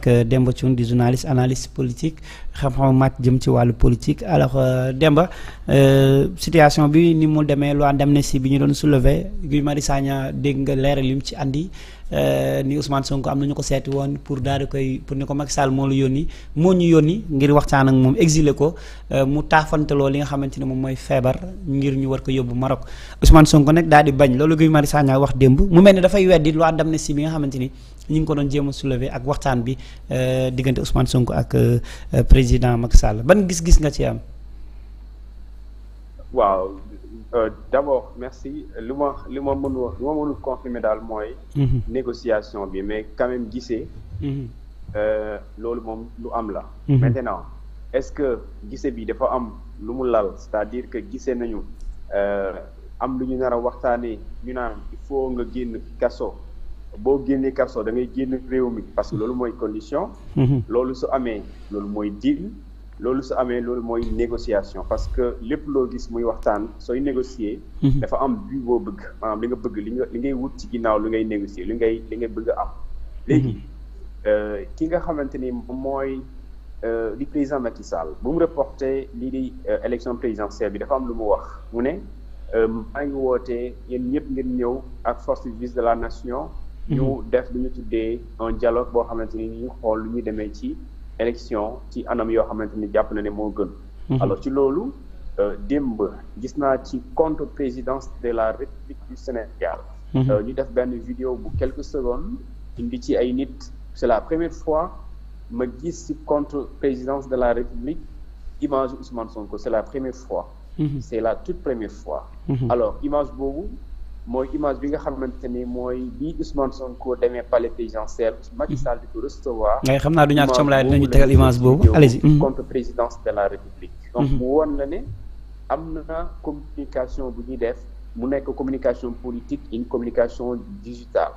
ak euh, Demba Thioune di journaliste analyste politique xam-xam màcc jëm ci wàllu politique alors euh, Demba euh, situation bi ni mu demee loi d'amnistie bi ñu doon soulever Guy Marius Sagna dégg nga leeral li mu ci andi ni Ousmane Sonko am na ko seeti woon pour daal di koy pour ko Macky Sall moo la yónni moo ñu yónni ngir waxtaan ak moom exile ko mu taafantaloo li nga xamante ne moom mooy feebar ngir ñu war ko yóbbu Maroc Ousmane son nag daal di bañ loolu Guy Marius Sagna wax démb mu mel ni dafay weddi loi d'amnistie bi nga xamante ni. ñu ngi ko doon jéem a soulever ak waxtaan bi euh, diggante Ousmane Sonko ak euh, président Macky Sall ban gis-gis nga ci am. waaw euh, d'abord merci li ma li ma mën mënul confirmer daal mooy. Mhm. négociation bi mais quand même mhm. loolu moom lu am la. Mhm. maintenant est-ce que gisee bi dafa am lu mu lal c'est-à-dire que gisee nañu am lu ñu nar a ñu naan il faut nga génn kaso. boo génnee karso da ngay génn réew mi parce que loolu mooy condition mhm. loolu su amee loolu mooy deal loolu su amee loolu mooy négociation parce que lépp loo gis muy waxtaan sooy négocier mhm. dafa am but boo bëgg maanaam li nga bëgg li nga li ngay wut ci ginnaaw li ngay négocier li ngay li ngay bëgg a am mhm. léegi euh, ki nga xamante ni mooy euh, di président Macky Sall bu mu reporté nii di euh, élection présidentielle bi dafa am lu mu wax mu ne maa ngi woote yéen ñëpp ngeen ñëw ak force vive de la nation ñu mhm. def lu ñu tuddee un dialogue boo xamante ni ñu xool lu ñu demee ci élection ci anam yoo xamante ni jàpp na ne moo gën. Mhm. alors ci loolu euh, démb gis naa ci compte présidence de la république du Sénégal. Mhm. Euh, ñu def benn vidéo bu quelques secondes indi ci ay nit c'est la première fois ma gis ci compte présidence de la république image Ousmane Sonko c'est la première fois. c'est la toute première fois. alors image boobu. mooy image bi nga xamante ni mooy bi Ousmane Sonko demee palais présidentiel Macky mhm. Sall di ko recevoir. ngay xam naa du ñàkk soxna dinañu tegal image boobu allez-y. Mhm. contre présidence de la république. Mhm. donc mu woon la ne am na communication bu ñuy def mu nekk communication politique une communication digitale.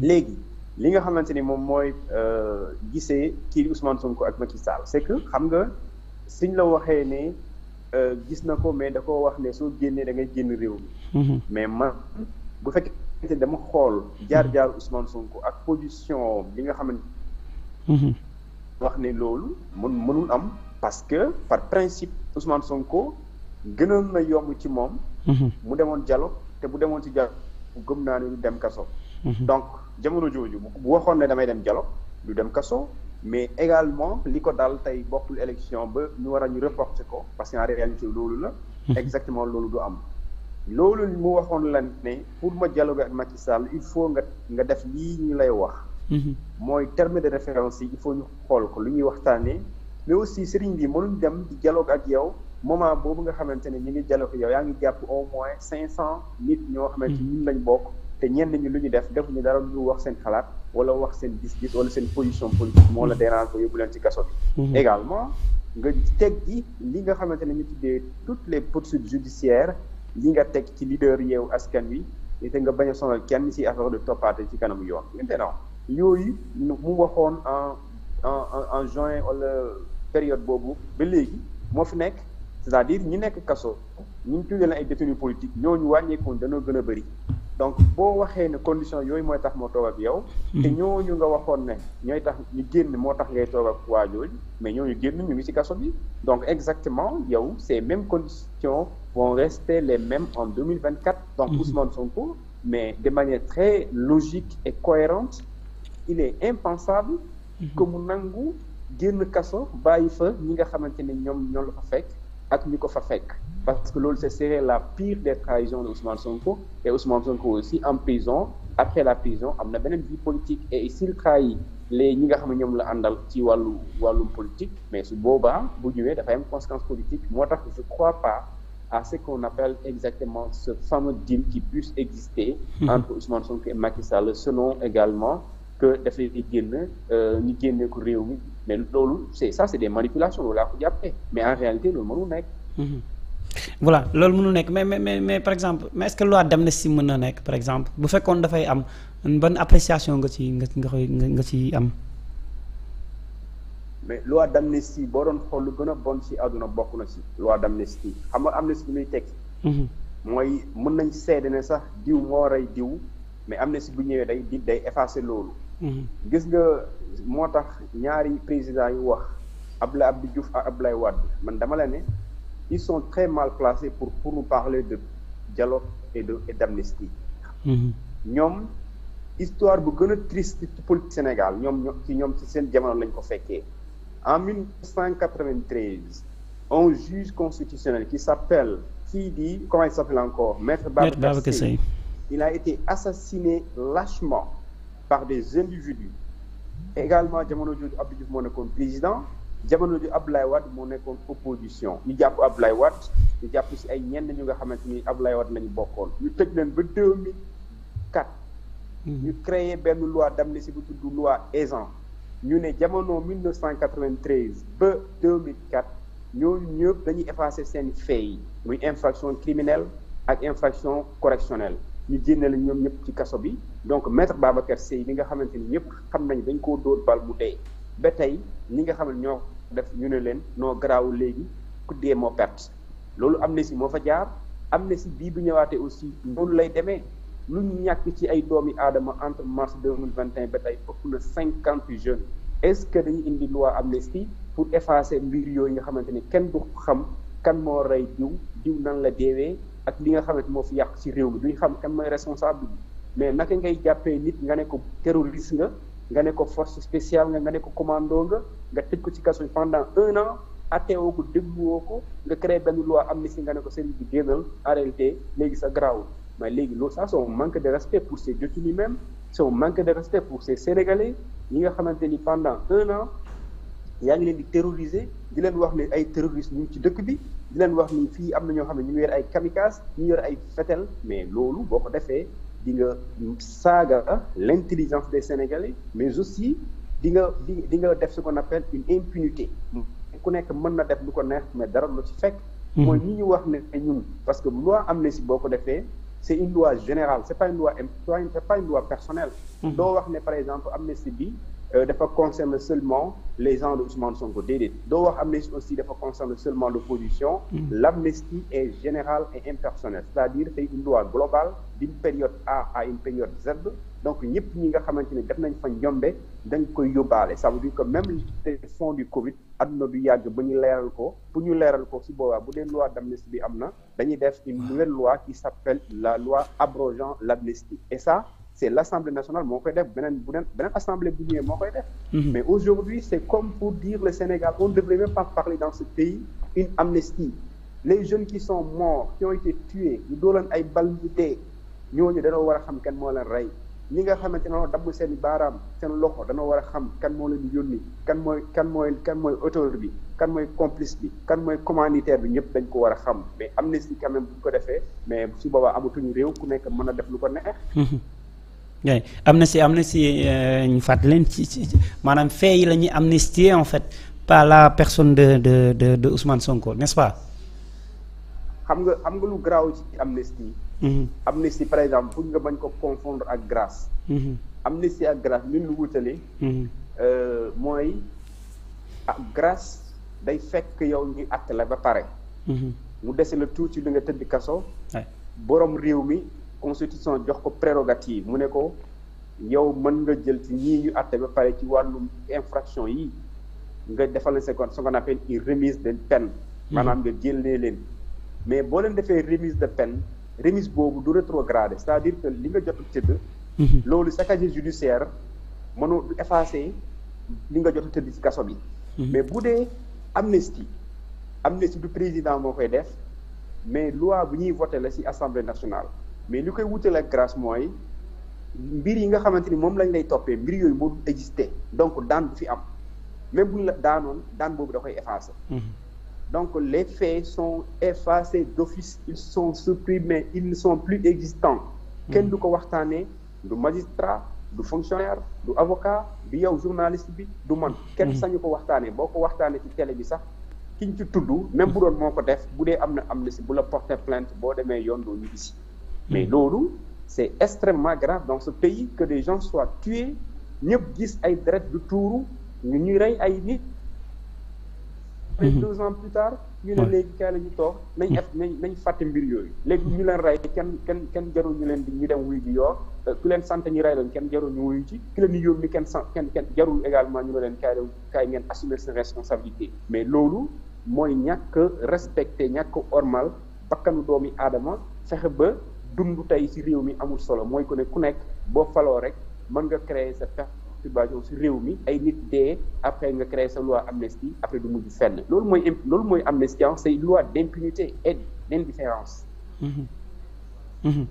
léegi li nga xamante ni moom mooy euh, gisee kii Ousmane Sonko ak Macky Sall c'est que xam nga suñ la waxee ne. Euh, gis na ko mais da koo wax ne soo génnee da ngay génn réew mi. Mhm. mais man bu fekkee dama xool jaar-jaar Ousmane Sonko ak position bi nga xamante mhm. wax ne loolu mën mënul am parce que par principe Ousmane Sonko gënoon na yomb ci moom. Mhm. mu demoon dialogue te bu demoon ci dialogue gëm naa ne du dem kaso. donc jamono jooju bu waxoon ne damay dem dialogue du dem kaso. mais également li ko dal tey bokkul élection ba ñu war a ñu reporter ko parce que en réalité loolu la. Mhm. exactement loolu du am. loolu mu waxoon lan ne pour ma dialoguer ak Macky Sall il faut nga nga def lii ñu lay wax. Mhm. mooy terme de référence yi il faut ñu xool ko lu ñuy waxtaanee. mais aussi sëriñ bi mënuñ dem jaloo dialogue ak yow moment boobu nga xamante ne ñu ngi dialogue yow yaa ngi jàpp au moins cinq cent nit ñoo xamante ñun lañ bokk. te ñenn ñi lu ñu def defuñu dara ñu wax seen xalaat. wala wax seen gis-gis wala seen position politique moo la mm-hmm. dérange ba yóbbu leen ci kaso bi mm-hmm. également nga teg ci li nga xamante ne ñu tuddee toutes les poursuites judiciaires li nga teg ci leader yeewu askan wi te nga bañ a sonal kenn ci affaire de toppaate ci kanamu yoon maintenant yooyu mu waxoon en en en juin wala période boobu ba léegi moo fi nekk c'est-à-dire ñu nekk kaso ñu tuddee leen ay détenus politiques ñooñu wàññeekoon danoo gën a bëri donc boo waxee ne condition yooyu mooy tax moo toog ak yow. Hmm. te ñooñu nga waxoon ne ñooy tax ñu génn moo tax ngay toog ak waa jooju mais ñooñu génn ñu ngi ci kaso bi donc exactement yow ces mêmes conditions vont rester les mêmes en deux mille vingt quatre. donc hmm. Ousmane Sonko mais de manière très logique et cohérente il est impensable. Hmm. que nangu génn kaso bàyyi fa ñi nga xamante ne ñoom ñoo la fa fekk. ak ñu ko fa fekk parce que loolu ce serait la pire des trahisons de Ousmane Sonko et Ousmane Sonko aussi en prison après la prison am na beneen vie politique et s'il trahit les ñi nga xam ne ñoom la àndal ci wàllu wàllum politique mais su boobaa bu ñëwee dafay conséquence politique moo tax je crois pas à ce qu'on appelle exactement ce fameux deal qui puisse exister hmm. entre Ousmane Sonko et Macky Sall selon également que dafay génn euh, ñu génne ko réew mi mais loolu c'est ça c'est des manipulations loolu laa ko jàppee mais en réalité loolu mënul nekk. Mm-hmm. voilà loolu mënul nekk mais mais mais par exemple mais est-ce que loi d'amnistie mën na nekk exemple bu dafay am ban appréciation nga ci nga nga koy nga ci am. mais loi d'amnistie boo doon xool lu gën a bon ci àdduna bokk na ci loi d'amnistie xam nga amnistie muy teg. Mm-hmm. mooy mën nañ seede ne sax diw moo rey diw mais amnistie bu ñëwee day di day effacer loolu. Mm-hmm. gis nga moo tax ñaari président yu wax Abdoulaye Abdou Diouf ak Abdoulaye Wade man dama la ne ils sont très mal placés pour pour nous parler de dialogue et de et d'amnistie mm-hmm. ñoom histoire bu gën a triste ci politique Sénégal ñoom ci ñoom ci seen jamono lañ ko fekkee en 1993 un juge constitutionnel qui s'appelle kii di comment il s'appelle encore maître Babacar Seye il a été assassiné lâchement par des individus également jamono jooju Abdou Diouf moo nekkoon président jamono jooju Abdoulaye Wade moo nekkoon opposition ñu jàpp Abdoulaye wat ñu jàpp si ay ñenn ñu nga xamante ni Abdoulaye Wade lañu bokkoon ñu tëj leen ba 2004. Mhm. ñu créé benn loi si bu tudd loi Ezzan ñu ne jamono 1993 ba 2004 ñooñu ñëpp dañuy effacer seen fay muy infraction criminelle ak infraction correctionnelle. ñu génne la ñoom ñëpp ci kaso bi donc maître Babacar Sèye li nga xamante ni ñëpp xam nañ dañ koo dóor bal mu dee ba tey ñi nga xam ne ñoo def ñu ne leen noo garaaw léegi ku dee moo perte loolu amnistie moo fa jaar amnistie bii bu ñëwaatee aussi loolu lay demee lu ñu ñàkk ci ay doomi aadama entre mars deux mille vingt et un ba tey ëpp na cinquante jeunes est-ce que dañu indi loi amnistie pour effacer mbir yooyu nga xamante ni kenn du xam kan moo rey diw diw nan la deewee ak li nga xamante moo fi yàq ci réew mi duñ xam kan mooy responsable bi mais naka ngay jàppee nit nga ne ko terroriste nga nga ne ko force spéciale nga nga ne ko commando nga nga tëj ko ci kaso bi pendant un an atteewoo ko dégluwoo ko nga créé benn loi amnistie nga ne ko seen bi génnal en réalité léegi sa garaaw mais léegi loolu saa c'est un manque de respect pour ces détenus même c'est un manque de respect pour ces sénégalais ñi nga xamante ni pendant un an yaa ngi leen di terroriser di leen wax ne ay terroristes ñu ci dëkk bi di leen wax nii fii am na ñoo xam ne ñu ngi yor ay kamikaze ñu yor ay fetel mais loolu boo ko defee di nga saaga l'intelligence des Sénégalais mais aussi di nga di di nga def ce qu'on appelle une impunité ku nekk mën na def lu ko neex mais dara lu ci fekk hmm. mooy ñi ñu wax ne ñun parce que loi si boo ko defee c'est une loi générale c'est pas une loi c'est pas une loi personnelle hmm. doo wax ne par exemple am amnistie bi Euh, dafa concerner seulement les gens de son Sonko déedéet doo wax amnistie aussi dafa concerner seulement l'opposition mm. l'amnistie est générale et impersonnelle c'est-à-dire c'est une loi globale période A période Z donc ñëpp ñi nga xamante ne def nañ fa njombe dañ koy yóbbaale ça veut dire même les fonds du Covid du yàgg ba ñu leeral ko pour ñu leeral ko si boobaa bu dee loi bi am na dañu def une nouvelle loi qui s'appelle la loi abrogeant l'amnistie et ça c' est l' assemblée nationale moo koy def beneen bu beneen assemblée bu ñëwee moo koy def. Mhm. mais aujourd'hui c' est comme pour dire le Sénégal on ne devrait même pas parler dans ce pays une amnistie les jeunes qui sont morts qui ont été tués dooleen ay bal ñu dee ñooñu danoo war a xam kenn moo leen rey ñi nga xamante ne dañoo dabb seen baaraam seen loxo danoo war a xam kan moo leen yónni kan mooy kan mooy kan mooy auteur bi kan mooy complice bi kan mooy commanditair bi ñëpp dañ ko war a xam mais amnistie quand même bu ñu ko defee mais su boobaa amatuñu réew ku nekk mën a def lu ko neex. Mhm. oui amnistie amnistie euh, ñu fàttali leen ci ci maanaam fee yi la ñuy amnistier en fait pas la personne de de de de Ousmane Sonko n'est-ce xam nga xam nga lu garaaw ci amnistie. Mm-hmm. amnistie par exemple pour nga bañ ko confondre ak grâce. Mm-hmm. amnistie ak grâce li ñu wutale. Mm-hmm. Euh, mooy ah grâce day fekk yow ñuy àtte la ba pare. mu dese la tuuti li nga tëdd kaso. borom réew mi. constitution jox ko prérogative mu ne ko yow mën nga jël ci ñii ñu àtte ba pare ci wàllu infraction yi nga defal leen ce qu'on appelle une remise de peine hmm. maanaam nga jëlee leen mais boo leen defee remise de peine remise boobu du rétrogradé c'est-à-dire que li nga jotu tëdd hmm. loolu casier judiciaire mënu effacer li nga jotu tëdd ci kaso bi hmm. mais bu dee amnistie amnistie du président moo koy def mais loi bu ñuy voté la ci assemblée national mais li koy wutale ak grâce mooy mbir yi nga xamante ni moom lañ lay toppee mbir yooyu moo du existé donc daan du fi am même buñ la daanoon daan boobu da koy effacé mm-hmm. donc les faits sont effacés d'office ils sont supprimés ils ne sont plus existants mm-hmm. kenn du ko waxtaanee du magistrat du fonctionnaire du avocat du yow journaliste bi du man mm-hmm. kenn sañu ko waxtaanee boo ko waxtaanee ci télé bi sax ki ñu ci tudd même bu doon moo ko def bu dee am na amnistie bu la porter plainte boo demee yoon doo mais loolu c'est extrêmement grave dans ce pays que des gens soient tués ñëpp gis ay deret du tuuru ñu ñuy rey ay nit mais mhm. deux ans plus tard ñu ne léegi kaay la ñu toog nañ def mhm. nañ nañ fàtte mbir yooyu léegi ñu leen rey kenn kenn kenn jarul ñu leen di ñu dem wuy ji yoor euh, ku leen sant ñu rey leen kenn jarul ñu wuyu ci ku leen di yóbbu kenn sant kenn kenn jarul également ñu ne leen kaay kaay ngeen assumer seen responsabilité mais loolu mooy ñàkk respecté ñàkk ormal bakkanu doomi aadama fexe ba dund tey si réew mi amul solo mooy ko ne ku nekk boo faloo rek mën nga crée sa perturbation si réew mi ay nit dee après nga créer sa loi amnistie après du mujj fenn loolu mooy loolu mooy amnistie c'est une loi d'impunité et d'indifférence mm-hmm. Mhm.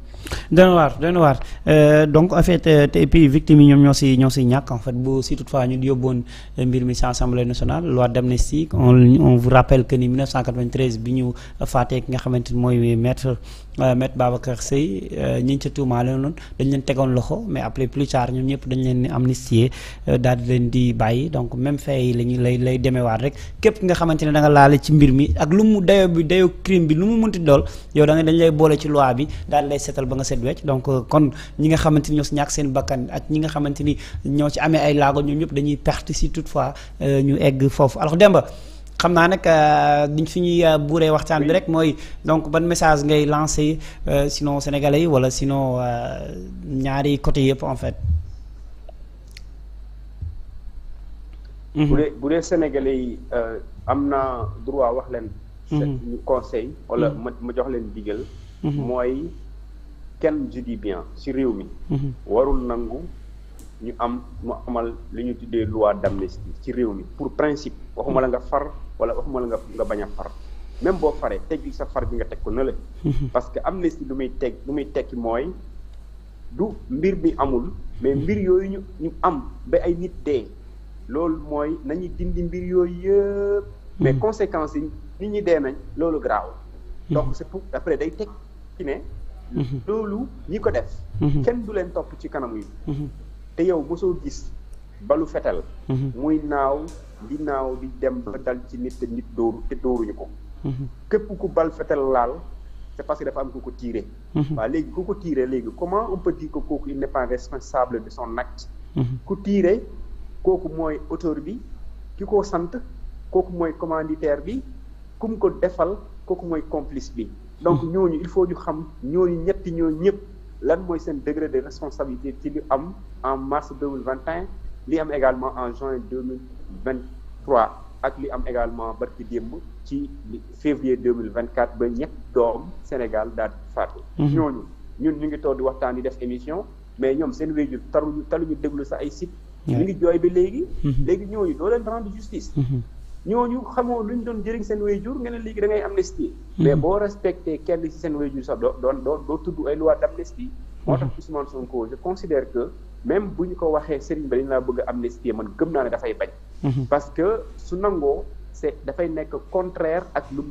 dana waar dana waar euh, donc en fait te euh, et puis victimes yi ñoom ñoo si ñoo si ñàkk en fait bu si toutefois ñu yóbboon euh, mbir mi si assemblée nationale loi d'amnistie on on vous rappelle bi ñu faatee ki nga xamante ni mooy maître maître Babacar Seye ñi ñu ca tuumaale noonu dañ leen tegoon loxo mais après plus tard ñoom ñëpp dañ leen amnistier daal di leen di bàyyi donc même fay la ñu lay lay waat rek képp nga xamante ne da nga laale ci mbir mi ak lu mu dayo bi dayo crime lu mu munti dool yow da nga dañ lay boole ci loi bi. daal lay seetal ba nga seet wecc donc euh, kon ñi nga xamante ni ñoo si ñàkk seen bakkan ak ñi nga xamante ni ñoo ci amee ay laago ñoom ñëpp dañuy perte si fois euh, ñu egg foofu alors Demba xam naa nag euh, diñ fi ñuy buuree waxtaan bi rek mooy donc ban message ngay lancé sinon sénégalais yi sino sinon ñaari côté yëpp en fait. bu dee bu dee am na droit wax leen. Mm-hmm. ñu conseil wala mm-hmm. ma ma jox leen digal. Mm-hmm. mooy. kenn je bien ci réew mi. Mhm. warul nangu ñu am mu amal lu ñu tuddee loi d'amnistie ci réew mi pour principe waxuma la nga far wala waxuma la nga nga bañ a far même boo faree teggi sa far bi nga teg ko na la mhm. parce que amnistie lu muy teg lu muy tekki mooy du mbir mi amul mais mhm. mbir yooyu ñu ñu am ba ay nit dee loolu mooy nañu dindi mbir yooyu yëpp mais conséquences yi nit ñi dee nañ loolu garaaw donc c'est pour après day teg ci ne Mm-hmm. loolu ñi ko def. Mm-hmm. kenn du leen topp ci kanam yi. Mm-hmm. te yow mosoo gis balu fetal. muy naaw di naaw di dem ba dal ci nit te nit dóoru te dóoruñu ko. képp ku bal fetal laal c'est parce que dafa am ku ko tiire. waaw léegi ku ko tiire léegi comment on peut dire que kooku il n'est pas responsable de son acte. ku tiire kooku mooy autor bi ki ko sant kooku mooy commanditaire bi ku mu ko defal kooku mooy complice bi. donc ñooñu il faut ñu xam ñooñu ñetti ñooñu ñëpp lan mooy seen degré de responsabilité ci li am en mars deux mille vingt un li am également en juin deux mille vingt trois ak li am également barki démb ci février deux mille vingt quatre ba ñett doom Sénégal daal di faatu. Mhm. ñooñu ñun ñu ngi toog di waxtaan di def émission mais ñoom seen ñu taluñu ñu déglu sax ay site ñu ngi jooy ba léegi. Mhm. léegi ñooñu doo leen justice. Mhm. ñooñu xamoo ñu doon jëriñ seen waajur nga ne léegi dangay ngay amnistie hmm. mais boo respecté kenn ci seen waajur sax doo doon doo doo tudd ay loi d'amnistie hmm. moo tax Ousmane Sonko je considère que même bu ñu ko waxee Serigne ba dañ laa bëgg a amnistie man gëm naa ne dafay bañ hmm. parce que su nangoo c'est dafay nekk contraire ak lu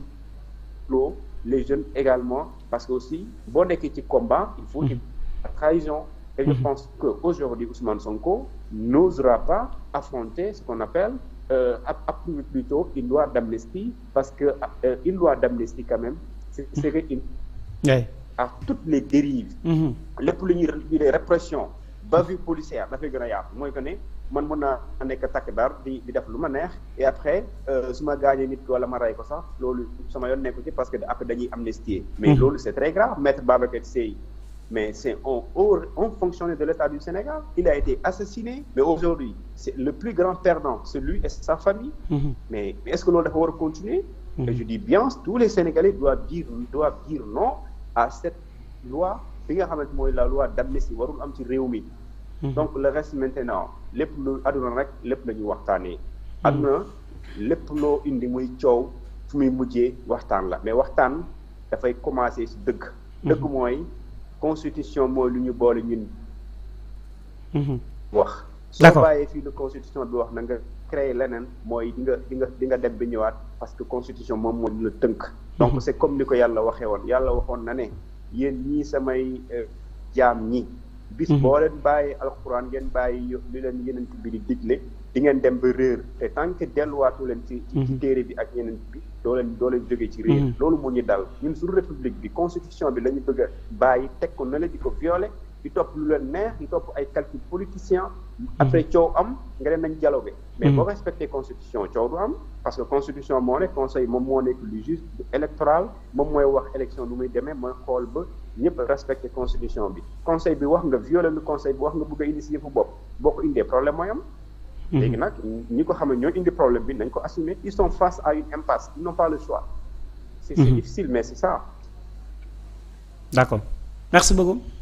loo les jeunes également parce que aussi boo nekkee ci combat il faut la trahison et je pense que aujourd'hui Ousmane Sonko n'osera pas Euh, appuyer plutôt une loi d'amnistie parce que euh, une loi d'amnistie quand même c'est c'est une oui. à toutes les dérives mm-hmm. lépp lu ñuy ñuy répression bavure policière dafay gën a yaatu mooy que ne man mën naa nekk takk dar di di def lu ma neex et après euh, su ma gaañee nit ki wala ma rey ko sax loolu sama yoon nekku ci parce que après dañuy amnistier mais mm-hmm. loolu c'est très grave maître Babacar Seye mais c'est un haut un fonctionnaire de l'État du Sénégal il a été assassiné mais aujourd'hui le plus grand perdant c'est lui et sa famille mhm. mais est-ce que loolu dafa war a continuer mhm. et je dis bien tous les Sénégalais doivent dire doivent non à cette loi bi nga xamante mooy la loi d'amnistie warul am ci réew mi mhm. donc le reste maintenant lépp lu àdduna rek lépp la ñuy waxtaanee àdduna lépp loo indi muy coow fu muy mujjee waxtaan la mais waxtaan dafay commencer ci dëgg dëgg mooy constitution mooy lu ñu boole ñun. Mhm. wax. d'accord soo bàyyee fii lu constitution bi wax na nga créer leneen mooy di nga di nga di nga ñëwaat parce que constitution moom moo ñu la tënk. Mhm. donc c'est comme ni ko yàlla waxee woon yàlla waxoon na ne yéen ñii samay euh, jaam ñi. bis mhm. boo leen bàyyi alxuraan ngeen bàyyi li leen yeneen bi di digle. di ngeen dem ba réer te tant que delluwaatu leen ci ci mhm. téere bi ak yeneen bi doo leen doo leen jóge ci réer mhm. loolu moo ñu dal ñun suñu république bi constitution bi la ñu bëgg a bàyyi teg ko na la di ko violer di topp lu leen neex di topp ay calcul politicien après mhm. am nga dem nañ dialogue mais boo respecté constitution coow am parce que constitution moo ne conseil moom moo nekk lu juge moom mooy wax élection lu muy demee mooy xool ba ñëpp respecté constitution bi conseil bi wax nga violé lu conseil bi wax nga bëgg a indi si bopp boo ko indee problème mooy am Mhm. léegi nag ñi ko xam ne ñoo indi problème bi nañ ko assumer ils sont face à une impasse ils n'ont pas le choix. c'est, c'est mhm. difficile mais c'est ça. d'accord merci beaucoup.